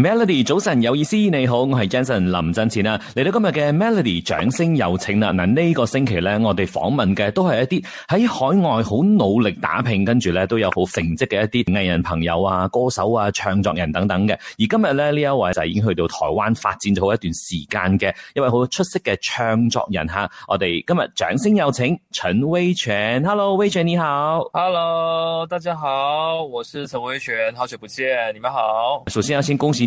Melody 早晨有意思，你好，我係 Jason 林振前啊，嚟到今日嘅 Melody 掌聲有請啦嗱，呢個星期咧，我哋訪問嘅都係一啲喺海外好努力打拼，跟住咧都有好成績嘅一啲藝人朋友啊、歌手啊、唱作人等等嘅，而今日咧呢一位就係已經去到台灣發展咗好一段時間嘅，一位好出色嘅唱作人吓，我哋今日掌聲有請陳威全，Hello 威全你好，Hello 大家好，我是陳威全，好久不見，你們好，首先要先恭喜。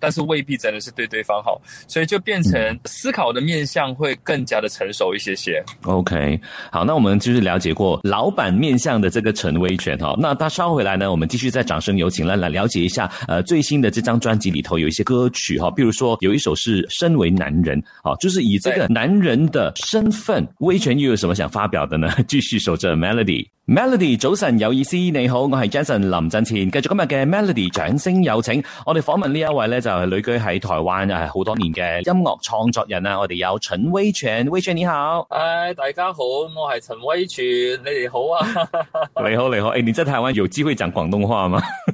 但是未必真的是對對方好，所以就變成思考的面相會更加的成熟一些些。OK，好，那我們就是了解過老闆面相的這個陳威全哈。那他家稍後回來呢，我們繼續再掌聲有請，來來了解一下，呃，最新的這張專輯裏頭有一些歌曲哈，比如說有一首是身為男人，好，就是以這個男人的身份，威全又有什麼想發表的呢？繼續守着 Melody，Melody 早晨有意思，你好，我係 Jason 林振前，繼續今日嘅 Melody 掌聲有請，我哋訪問呢一位咧。就係、是、旅居喺台灣又係好多年嘅音樂創作人啊。我哋有陳威傳，威傳你好，誒、哎、大家好，我係陳威傳。你哋好啊，你 好 你好，誒你，你、欸、你在台灣有機會講廣東話嗎？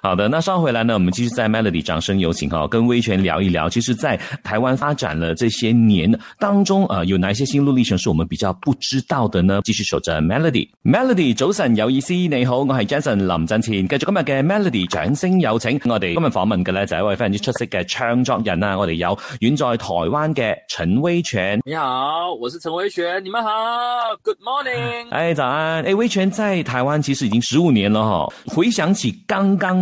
好的，那稍後回來呢，我們繼續在 Melody 掌聲有請哈，跟威權聊一聊。其實，在台灣發展了這些年當中啊，有哪些心路歷程，是我們比較不知道的呢？繼續守着 Melody，Melody Melody，早晨有意思，你好，我是 Jason 林振前。繼續今日嘅 Melody 掌聲有請，我哋今日訪問嘅呢就一位非常之出色嘅唱作人啊。我哋有遠在台灣嘅陳威權，你好，我是陳威權，你們好，Good morning，哎、啊，早安，哎，威權在台灣其實已經十五年了哈。回想起剛剛。